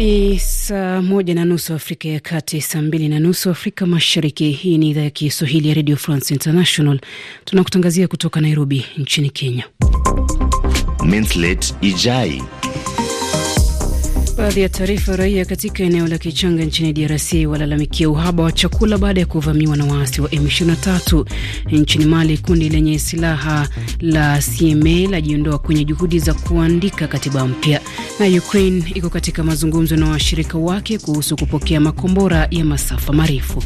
Ni saa moja na nusu Afrika ya Kati, saa mbili na nusu Afrika Mashariki. Hii ni idhaa ya Kiswahili ya Radio France International, tunakutangazia kutoka Nairobi nchini Kenya. Mintlet Ijai Baadhi ya taarifa raia katika eneo la Kichanga nchini DRC walalamikia uhaba wa chakula baada ya kuvamiwa na waasi wa M23. Nchini Mali, kundi lenye silaha la CMA lajiondoa kwenye juhudi za kuandika katiba mpya, na Ukraine iko katika mazungumzo na washirika wake kuhusu kupokea makombora ya masafa marefu.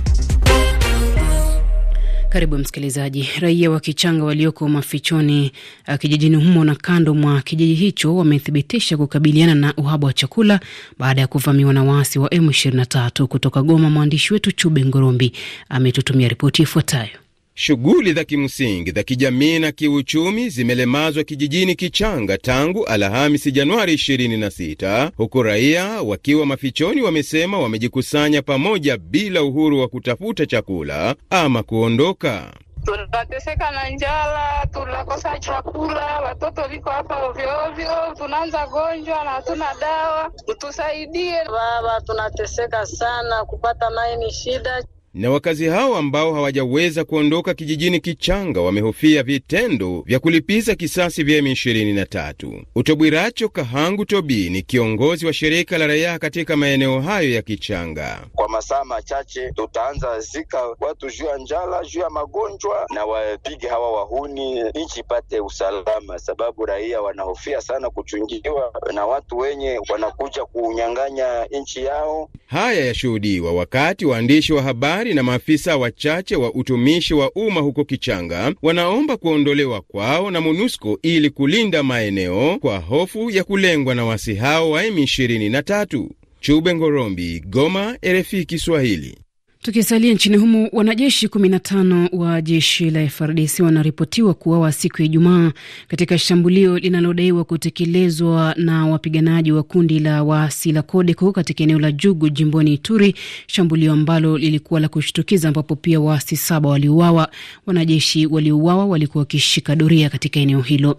Karibu msikilizaji. Raia wa Kichanga walioko mafichoni eh, kijijini humo na kando mwa kijiji hicho wamethibitisha kukabiliana na uhaba wa chakula baada ya kuvamiwa na waasi wa M23 kutoka Goma. Mwandishi wetu Chube Ngorombi ametutumia ripoti ifuatayo. Shughuli za kimsingi za kijamii na kiuchumi zimelemazwa kijijini Kichanga tangu Alhamisi Januari 26, huku raia wakiwa mafichoni wamesema wamejikusanya pamoja bila uhuru wa kutafuta chakula ama kuondoka. Tunateseka na njala, tunakosa chakula, watoto viko hapa ovyoovyo, tunaanza gonjwa na hatuna dawa, utusaidie baba, tunateseka sana, kupata mai ni shida na wakazi hao ambao hawajaweza kuondoka kijijini kichanga wamehofia vitendo vya kulipiza kisasi vya M23. Utobwiracho Kahangu Tobi ni kiongozi wa shirika la raia katika maeneo hayo ya kichanga. Kwa masaa machache tutaanza zika watu juu ya njala, juu ya magonjwa, na wapige hawa wahuni, nchi ipate usalama, sababu raia wanahofia sana kuchungiwa na watu wenye wanakuja kunyang'anya nchi yao. Haya yashuhudiwa wakati waandishi wa habari askari na maafisa wachache wa utumishi wa umma huko Kichanga wanaomba kuondolewa kwao na MONUSCO ili kulinda maeneo kwa hofu ya kulengwa na wasi hao wa M23. Chube Ngorombi, Goma, RFI Kiswahili. Tukisalia nchini humo, wanajeshi 15 wa jeshi la FRDC wanaripotiwa kuuawa siku ya Ijumaa katika shambulio linalodaiwa kutekelezwa na wapiganaji wa kundi la waasi la CODECO katika eneo la Jugu jimboni Ituri, shambulio ambalo lilikuwa la kushtukiza, ambapo pia waasi saba waliuawa. Wanajeshi waliouawa walikuwa wakishika doria katika eneo hilo.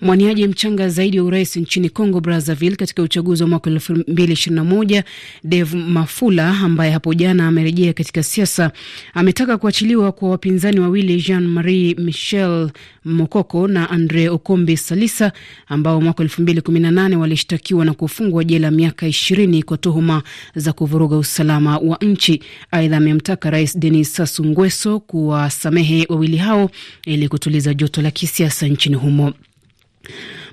Mwaniaji mchanga zaidi wa urais nchini Congo Brazzaville katika uchaguzi wa mwaka 2021 Dev Mafula ambaye hapo jana amerejea kuingia katika siasa. Ametaka kuachiliwa kwa wapinzani wawili Jean Marie Michel Mokoko na Andre Okombe Salisa ambao mwaka nane walishtakiwa na kufungwa jela miaka ishirini kwa tuhuma za kuvuruga usalama wa nchi. Aidha, amemtaka Rais Denis Sassou Nguesso kuwasamehe wawili hao ili kutuliza joto la kisiasa nchini humo.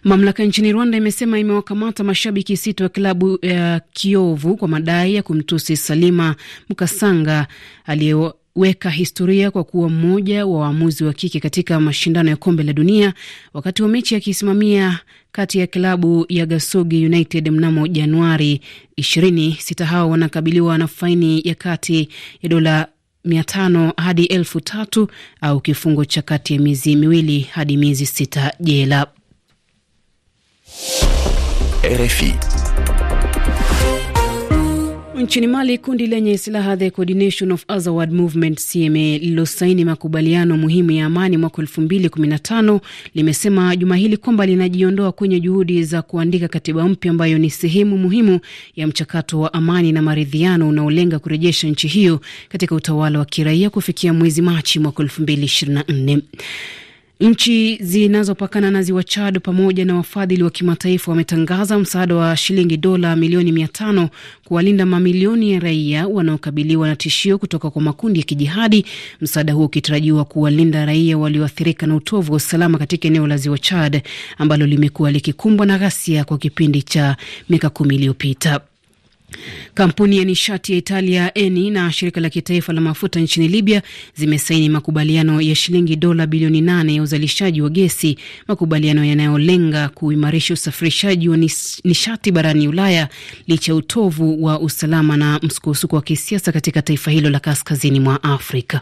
Mamlaka nchini Rwanda imesema imewakamata mashabiki sita wa klabu ya Kiovu kwa madai ya kumtusi Salima Mkasanga aliyeweka weka historia kwa kuwa mmoja wa waamuzi wa kike katika mashindano ya kombe la dunia wakati wa mechi akisimamia kati ya klabu ya Gasogi United mnamo Januari 20. Sita hao wanakabiliwa na faini ya kati ya dola 500 hadi elfu tatu au kifungo cha kati ya miezi miwili hadi miezi sita jela. RFI. Nchini Mali, kundi lenye silaha The Coordination of Azawad Movement CMA lililosaini makubaliano muhimu ya amani mwaka elfu mbili kumi na tano limesema juma hili kwamba linajiondoa kwenye juhudi za kuandika katiba mpya ambayo ni sehemu muhimu ya mchakato wa amani na maridhiano unaolenga kurejesha nchi hiyo katika utawala wa kiraia kufikia mwezi Machi mwaka elfu mbili ishirini na nne. Nchi zinazopakana na ziwa Chad pamoja na wafadhili wa kimataifa wametangaza msaada wa shilingi dola milioni mia tano kuwalinda mamilioni ya raia wanaokabiliwa na tishio kutoka kwa makundi ya kijihadi, msaada huo ukitarajiwa kuwalinda raia walioathirika na utovu wa usalama katika eneo la ziwa Chad ambalo limekuwa likikumbwa na ghasia kwa kipindi cha miaka kumi iliyopita. Kampuni ya nishati ya Italia Eni na shirika la kitaifa la mafuta nchini Libya zimesaini makubaliano ya shilingi dola bilioni nane ya uzalishaji wa gesi, makubaliano yanayolenga kuimarisha usafirishaji wa nishati barani Ulaya licha ya utovu wa usalama na msukosuko wa kisiasa katika taifa hilo la kaskazini mwa Afrika.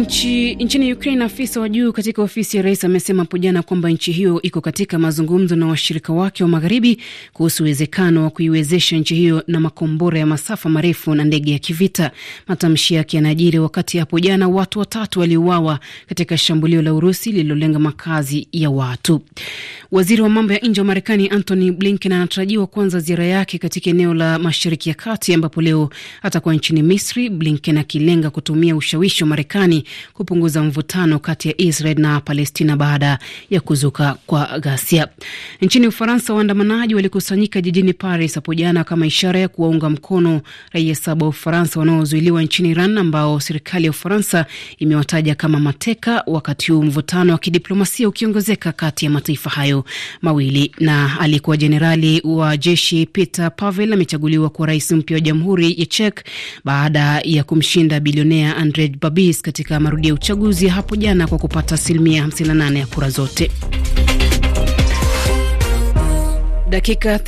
Nchi, nchini Ukraine, afisa wa juu katika ofisi ya rais amesema hapo jana kwamba nchi hiyo iko katika mazungumzo na washirika wake wa magharibi kuhusu uwezekano wa kuiwezesha nchi hiyo na makombora ya masafa marefu na ndege ya kivita. Matamshi yake yanajiri wakati hapo jana watu watatu waliuawa katika shambulio la Urusi lililolenga makazi ya watu. Waziri wa mambo ya nje wa Marekani Antony Blinken anatarajiwa kuanza ziara yake katika eneo la Mashariki ya Kati ambapo leo atakuwa nchini Misri, Blinken akilenga kutumia ushawishi wa Marekani kupunguza mvutano kati ya Israel na Palestina baada ya kuzuka kwa ghasia. Nchini Ufaransa, waandamanaji walikusanyika jijini Paris hapo jana kama ishara ya kuwaunga mkono raia saba wa Ufaransa wanaozuiliwa nchini Iran, ambao serikali ya Ufaransa imewataja kama mateka, wakati huu mvutano wa kidiplomasia ukiongezeka kati ya mataifa hayo mawili. Na aliyekuwa jenerali wa jeshi Peter Pavel amechaguliwa kuwa rais mpya wa Jamhuri ya Czech baada ya kumshinda bilionea Andrej Babis katika katika marudio ya uchaguzi hapo jana kwa kupata asilimia 58 ya kura zote. Dakika